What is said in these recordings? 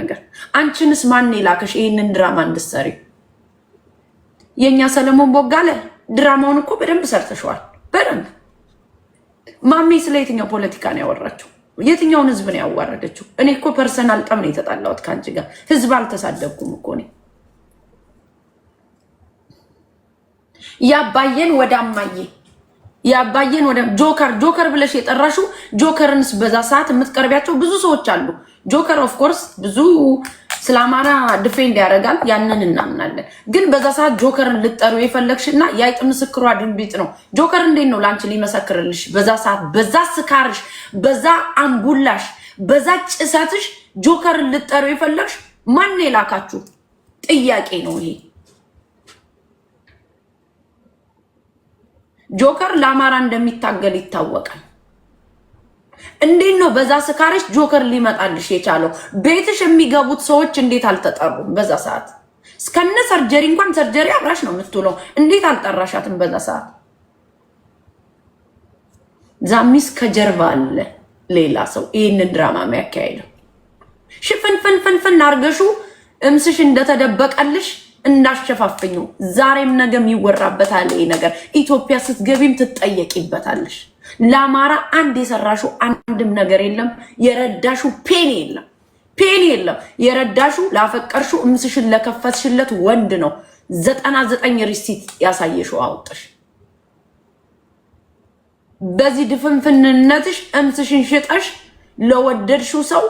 ነገር። አንቺንስ ማን ላከሽ ይህንን ድራማ እንድትሰሪ? የእኛ ሰለሞን ቦጋለ ድራማውን እኮ በደንብ ሰርተሸዋል። በደንብ ማሜ ስለ የትኛው ፖለቲካ ነው ያወራችው? የትኛውን ህዝብ ነው ያዋረደችው? እኔ እኮ ፐርሰናል ጠም ነው የተጣላሁት ከአንቺ ጋር። ህዝብ አልተሳደብኩም እኮ እኔ ያባየን ወደ አማዬ ያባየን ወደ ጆከር ጆከር ብለሽ የጠራሹ ጆከርንስ በዛ ሰዓት የምትቀርቢያቸው ብዙ ሰዎች አሉ። ጆከር ኦፍኮርስ ብዙ ስለ አማራ ድፌንድ ያደርጋል። ያንን እናምናለን። ግን በዛ ሰዓት ጆከርን ልጠሩ የፈለግሽ እና የአይጥ ምስክሯ ድንቢጥ ነው። ጆከር እንዴት ነው ለአንቺ ሊመሰክርልሽ? በዛ ሰዓት በዛ ስካርሽ፣ በዛ አንጉላሽ፣ በዛ ጭሰትሽ ጆከርን ልጠሩ የፈለግሽ ማን የላካችሁ? ጥያቄ ነው ይሄ። ጆከር ለአማራ እንደሚታገል ይታወቃል። እንዴት ነው በዛ ስካርሽ ጆከር ሊመጣልሽ የቻለው? ቤትሽ የሚገቡት ሰዎች እንዴት አልተጠሩም? በዛ ሰዓት እስከነ ሰርጀሪ እንኳን ሰርጀሪ አብራሽ ነው የምትውለው። እንዴት አልጠራሻትም? በዛ ሰዓት ዛሚስ ከጀርባ አለ ሌላ ሰው ይህንን ድራማ የሚያካሄደው ሽፍንፍንፍንፍን አርገሹ እምስሽ እንደተደበቀልሽ እንዳሸፋፍኙ ዛሬም ነገም ይወራበታል። ይሄ ነገር ኢትዮጵያ ስትገቢም ትጠየቂበታለሽ። ለአማራ አንድ የሰራሹ አንድም ነገር የለም። የረዳሹ ፔን የለም፣ ፔን የለም። የረዳሹ ላፈቀርሹ እምስሽን ለከፈትሽለት ወንድ ነው ዘጠና ዘጠኝ ሪሲት ያሳየሽው አውጥሽ። በዚህ ድፍንፍንነትሽ እምስሽን ሽጠሽ ለወደድሽው ሰው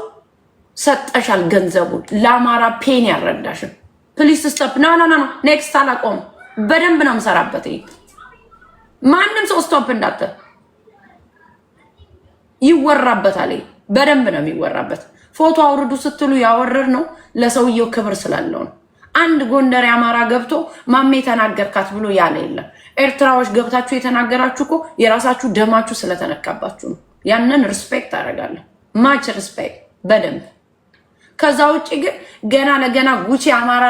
ሰጠሻል ገንዘቡን። ለአማራ ፔን ያልረዳሽም ፕሊስ ስቶፕ። ና ኔክስት አላቆም። በደንብ ነው የምሰራበት። ማንም ሰው ስቶፕ እንዳትል ይወራበታል። በደንብ ነው የሚወራበት። ፎቶ አውርዱ ስትሉ ያወረድ ነው ለሰውየው ክብር ስላለው ነው። አንድ ጎንደር አማራ ገብቶ ማሜ የተናገርካት ብሎ ያለ የለም። ኤርትራዎች ገብታችሁ የተናገራችሁ እኮ የራሳችሁ ደማችሁ ስለተነካባችሁ ነው። ያንን ሪስፔክት አደርጋለሁ። ማች ሪስፔክት በደንብ ከዛ ውጭ ግን ገና ለገና ጉቺ አማራ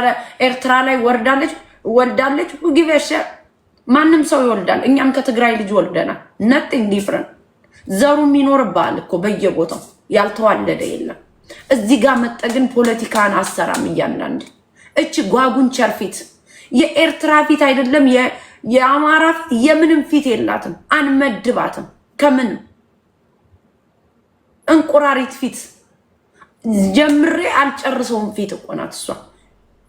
ኤርትራ ላይ ወርዳለች ወልዳለች ጊዜ ማንም ሰው ይወልዳል። እኛም ከትግራይ ልጅ ወልደናል። ነጥንግ ዲፍረንት ዘሩም ይኖርብሃል እኮ በየቦታው ያልተዋለደ የለም። እዚህ ጋር ግን ፖለቲካን አሰራም እያንዳንድ እች ጓጉንቸር ፊት የኤርትራ ፊት አይደለም የአማራ ፊት የምንም ፊት የላትም፣ አንመድባትም። ከምንም እንቁራሪት ፊት ጀምሬ አልጨርሰውም ፊት እኮ ናት እሷ።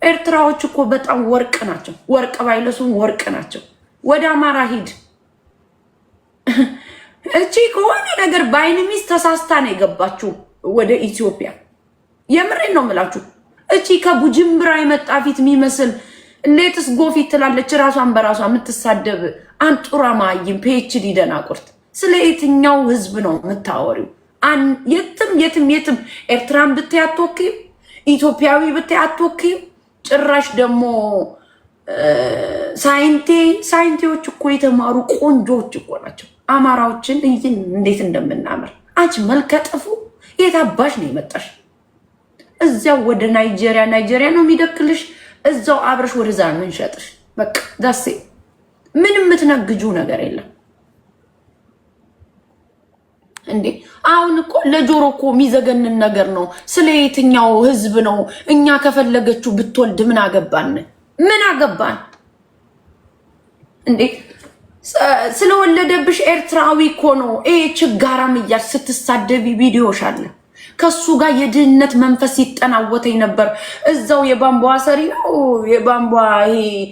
ኤርትራዎች እኮ በጣም ወርቅ ናቸው። ወርቅ ባይለሱም ወርቅ ናቸው። ወደ አማራ ሂድ። እቺ ከሆነ ነገር በአይን ሚስ ተሳስታ ነው የገባችው ወደ ኢትዮጵያ። የምሬን ነው የምላችሁ። እቺ ከቡጅምብራ የመጣ ፊት የሚመስል ሌትስ ጎፊት ትላለች። ራሷን በራሷ የምትሳደብ አንጡራ ማይም ፒኤችዲ ደናቁርት። ስለ የትኛው ህዝብ ነው የምታወሪው? የትም የትም የትም ኤርትራን ብታይ አትወክይም፣ ኢትዮጵያዊ ብታይ አትወክይም። ጭራሽ ደግሞ ሳይንቴ ሳይንቴዎች እኮ የተማሩ ቆንጆዎች እኮ ናቸው። አማራዎችን እይን እንዴት እንደምናምር አንቺ መልከጥፉ የት አባሽ ነው የመጣሽ? እዚያው ወደ ናይጄሪያ ናይጄሪያ ነው የሚደክልሽ። እዛው አብረሽ ወደዛ ነው የምንሸጥሽ። በቃ ዳሴ ምንም የምትነግጁ ነገር የለም እንዴ! አሁን እኮ ለጆሮ እኮ የሚዘገንን ነገር ነው። ስለ የትኛው ህዝብ ነው? እኛ ከፈለገችው ብትወልድ ምን አገባን? ምን አገባን እንዴ? ስለወለደብሽ ኤርትራዊ እኮ ነው ይሄ ችጋራም እያልሽ ስትሳደቢ ቪዲዮሽ አለ። ከሱ ጋር የድህነት መንፈስ ይጠናወተኝ ነበር። እዛው የባንቧ ሰሪ ነው የባንቧ ይሄ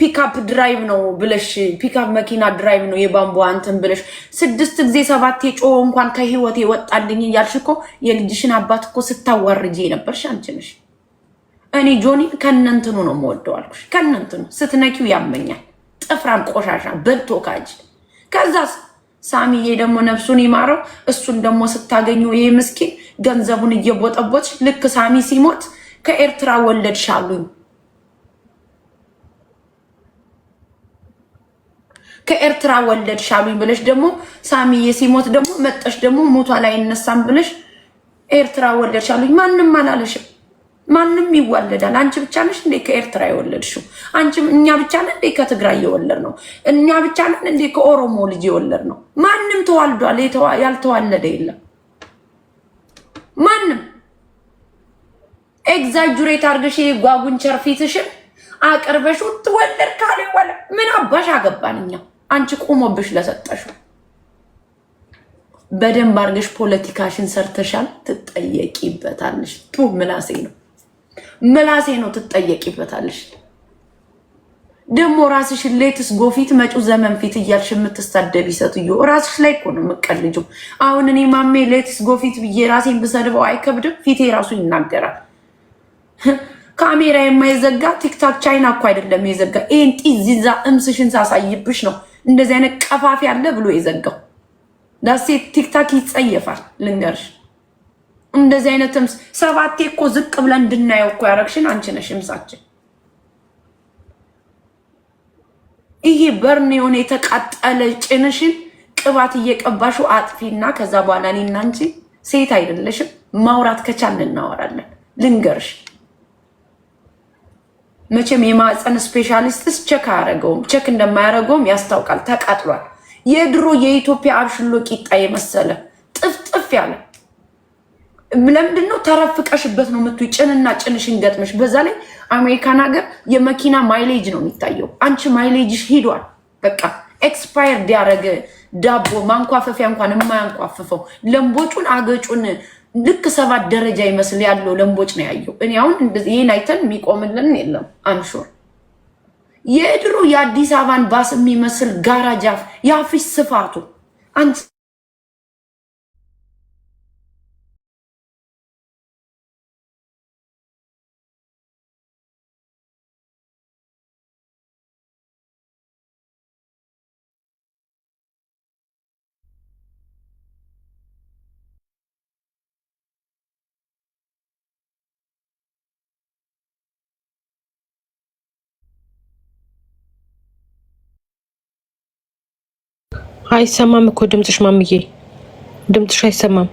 ፒካፕ ድራይቭ ነው ብለሽ ፒካፕ መኪና ድራይቭ ነው የባንቧ እንትን ብለሽ ስድስት ጊዜ ሰባት ጮ እንኳን ከህይወት ወጣልኝ እያልሽ እኮ የልጅሽን አባት እኮ ስታዋርጅ ነበርሽ አንቺ ነሽ። እኔ ጆኒን ከእነ ነው የምወደው አልኩሽ። ስትነኪው ያመኛል። ጥፍራም ቆሻሻ በልቶ ካጅ። ከዛስ ሳሚዬ ደግሞ ነፍሱን ይማረው። እሱን ደግሞ ስታገኙ ይሄ ምስኪን ገንዘቡን እየቦጠቦች ልክ ሳሚ ሲሞት ከኤርትራ ወለድሽ አሉኝ። ከኤርትራ ወለድሽ አሉኝ ብለሽ ደግሞ ሳሚዬ ሲሞት ደግሞ መጠሽ ደግሞ ሞቷ ላይ አይነሳም ብለሽ ኤርትራ ወለድሽ አሉኝ። ማንም አላለሽም። ማንም ይዋለዳል። አንቺ ብቻ ነሽ እንዴ ከኤርትራ የወለድሽው? አንቺ እኛ ብቻ ነን እንዴ ከትግራይ የወለድ ነው? እኛ ብቻ ነን እንዴ ከኦሮሞ ልጅ የወለድ ነው? ማንም ተዋልዷል። ያልተዋለደ የለም። ማንም ኤግዛጁሬት አድርገሽ የጓጉንቸር ፊትሽን አቅርበሽ ትወለድ ካለ ወለ ምን አባሽ አገባን እኛ አንቺ ቆሞብሽ ለሰጠሽው በደንብ አድርገሽ ፖለቲካሽን ሰርተሻል። ትጠየቂበታለሽ። ቱ ምላሴ ነው። ምላሴ ነው ትጠየቂበታለሽ። ደግሞ ራስሽን ሌትስ ጎፊት መጪው ዘመን ፊት እያልሽ የምትሳደቢ ሴትዮ ራስሽ ላይ እኮ ነው የምቀልጂው። አሁን እኔ ማሜ ሌትስ ጎፊት ብዬ ራሴን ብሰድበው አይከብድም? ፊቴ ራሱ ይናገራል። ካሜራ የማይዘጋ ቲክታክ ቻይና እኮ አይደለም የዘጋ ይህን ጢዝ እምስሽን ሳሳይብሽ ነው እንደዚህ አይነት ቀፋፊ አለ ብሎ የዘጋው ዳሴ ቲክታክ ይጸየፋል ልንገርሽ። እንደዚህ አይነት ሰባቴ እኮ ዝቅ ብለን እንድናየው እኮ ያደረግሽን አንቺ ነሽ እምሳችን። ይሄ በርን የሆነ የተቃጠለ ጭንሽን ቅባት እየቀባሹ አጥፊና ከዛ በኋላ እኔና አንቺ ሴት አይደለሽም ማውራት ከቻል እናወራለን። ልንገርሽ መቼም የማፀን ስፔሻሊስትስ ቸክ አያረገውም ቸክ እንደማያረገውም ያስታውቃል። ተቃጥሏል። የድሮ የኢትዮጵያ አብሽሎ ቂጣ የመሰለ ጥፍጥፍ ያለ ለምንድን ነው ተረፍቀሽበት ነው የምትውይ? ጭንና ጭንሽን ገጥመሽ። በዛ ላይ አሜሪካን ሀገር የመኪና ማይሌጅ ነው የሚታየው። አንቺ ማይሌጅሽ ሂዷል። በቃ ኤክስፓየር ያደረገ ዳቦ ማንኳፈፊያ እንኳን የማያንኳፍፈው ለምቦጩን አገጩን ልክ ሰባት ደረጃ ይመስል ያለው ለምቦጭ ነው ያየው። እኔ አሁን ይህን አይተን የሚቆምልን የለም። አንሹር የድሮ የአዲስ አበባን ባስ የሚመስል ጋራጃፍ የአፍሽ ስፋቱ አይሰማም እኮ ድምፅሽ ማምዬ፣ ድምፅሽ አይሰማም።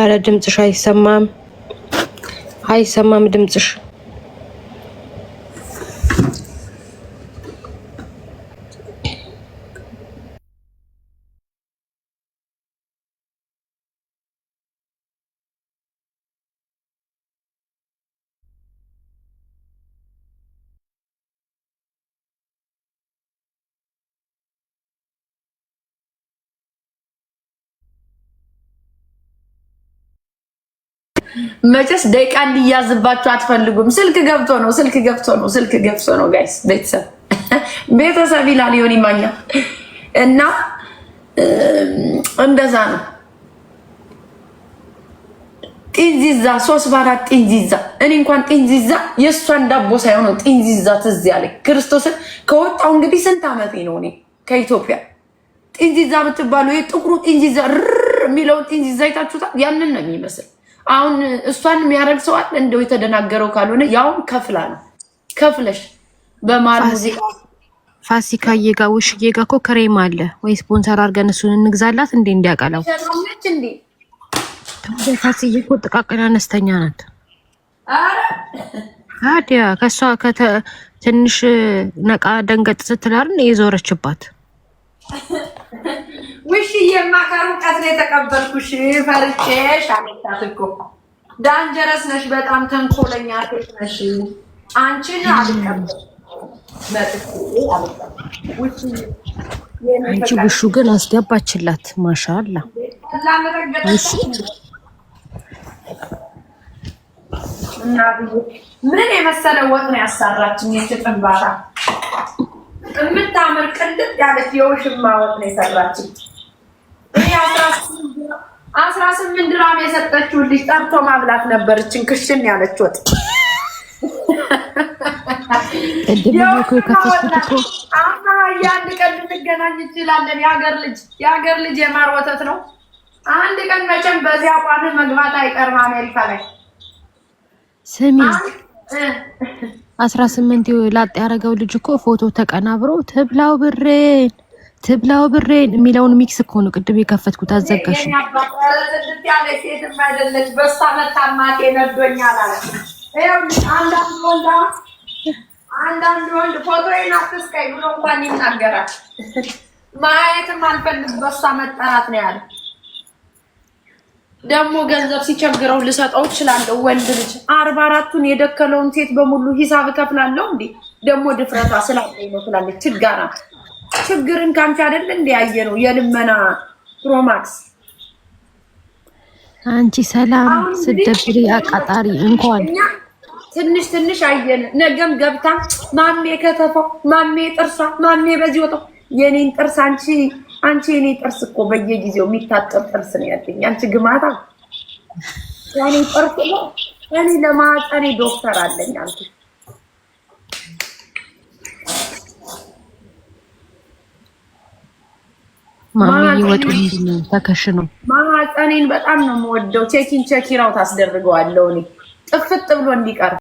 አረ ድምፅሽ አይሰማም፣ አይሰማም ድምፅሽ መቼስ ደቂቃ እንዲያዝባችሁ አትፈልጉም። ስልክ ገብቶ ነው፣ ስልክ ገብቶ ነው፣ ስልክ ገብቶ ነው። ጋይስ ቤተሰብ ቤተሰብ ይላል ዮኒ ማኛ እና እንደዛ ነው። ጢንዚዛ ሶስት በአራት ጢንዚዛ። እኔ እንኳን ጢንዚዛ የእሷን ዳቦ ሳይሆን ጢንዚዛ ትዝ ያለ ክርስቶስን ከወጣው እንግዲህ ስንት ዓመቴ ነው እኔ ከኢትዮጵያ። ጢንዚዛ የምትባለው የጥቁሩ ጢንዚዛ ር የሚለውን ጢንዚዛ ይታችሁታል። ያንን ነው የሚመስል አሁን እሷን የሚያደርግ ሰው አለ እንደው የተደናገረው ካልሆነ ያውም ከፍላ ነው ከፍለሽ በማር ሙዚቃ ፋሲካ እየጋ ውሽ እየጋ እኮ ክሬም አለ ወይ ስፖንሰር አድርገን እሱን እንግዛላት እንዴ እንዲያቀላው ፋሲዬ እኮ ጥቃቅን አነስተኛ ናት። ታዲያ ከእሷ ትንሽ ነቃ ደንገጥ ስትላርን የዞረችባት ውሽዬማ ከሩቀት ነው የተቀበልኩሽ። ፈርቼሽ አመታት እኮ ዳንጀረስ ነሽ፣ በጣም ተንኮለኛ ሴት ነሽ። አንቺን አልቀበል አንቺ ውሹ ግን አስገባችላት። ማሻአላ ምን የመሰለ ወጥ ነው ያሰራችኝ። የጭጥንባታ የምታምር ቅልጥ ያለች የውሽማ ወጥ ነው የሰራችኝ። አስራ ስምንት ድራም የሰጠችው ልጅ ጠርቶ ማብላት ነበር። እችን ክሽን ያለች ወጥ አንድ ቀን ልንገናኝ እንችላለን። የሀገር ልጅ የሀገር ልጅ የማር ወተት ነው። አንድ ቀን መቼም በዚህ አቋም መግባት አይቀርም። አሜሪካ ላይ ስሚ አስራ ስምንት ላጥ ያደረገው ልጅ እኮ ፎቶ ተቀናብሮ ትብላው ብሬን ትብላው ብሬ የሚለውን ሚክስ እኮ ነው ቅድም የከፈትኩት። አዘጋሽ ማየትም አልፈልግ በሷ መጠራት ነው ያለ። ደግሞ ገንዘብ ሲቸግረው ልሰጠው እችላለሁ። ወንድ ልጅ አርባ አራቱን የደከለውን ሴት በሙሉ ሂሳብ እከፍላለሁ እንዴ! ደግሞ ድፍረቷ ስላለ ይመስላለች ችጋራ ችግርን ካንቺ አይደል እንዲያየ ነው የልመና ፕሮማክስ አንቺ ሰላም ስደብሪ አቃጣሪ እንኳን ትንሽ ትንሽ አየን። ነገም ገብታ ማሜ ከተፋው፣ ማሜ ጥርሷ፣ ማሜ በዚህ ወጣው። የኔን ጥርስ አንቺ አንቺ የኔ ጥርስ እኮ በየጊዜው የሚታጠብ ጥርስ ነው ያለኝ። አንቺ ግማታ ያኔ ጥርስ ነው። እኔ ለማህፀኔ ዶክተር አለኝ አልኩሽ። ማሚ ይወጡ ተከሽ ነው ተከሽነው ማህፀኔን በጣም ነው የምወደው። ቼኪን ቼኪናው ታስደርገዋለሁ እኔ ጥፍጥ ብሎ እንዲቀር